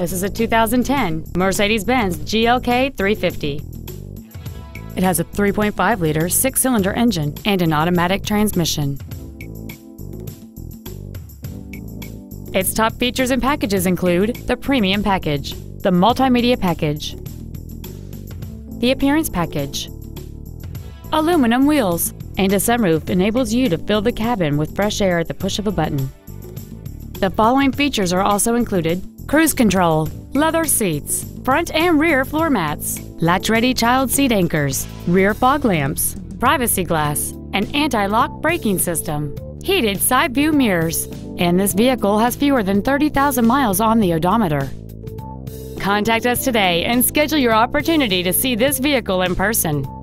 This is a 2010 Mercedes Benz GLK 350. It has a 3.5 liter six cylinder engine and an automatic transmission. Its top features and packages include the Premium Package, the Multimedia Package, the Appearance Package, aluminum wheels, and a sunroof enables you to fill the cabin with fresh air at the push of a button. The following features are also included cruise control, leather seats, front and rear floor mats, latch-ready child seat anchors, rear fog lamps, privacy glass, an anti-lock braking system, heated side view mirrors, and this vehicle has fewer than 30,000 miles on the odometer. Contact us today and schedule your opportunity to see this vehicle in person.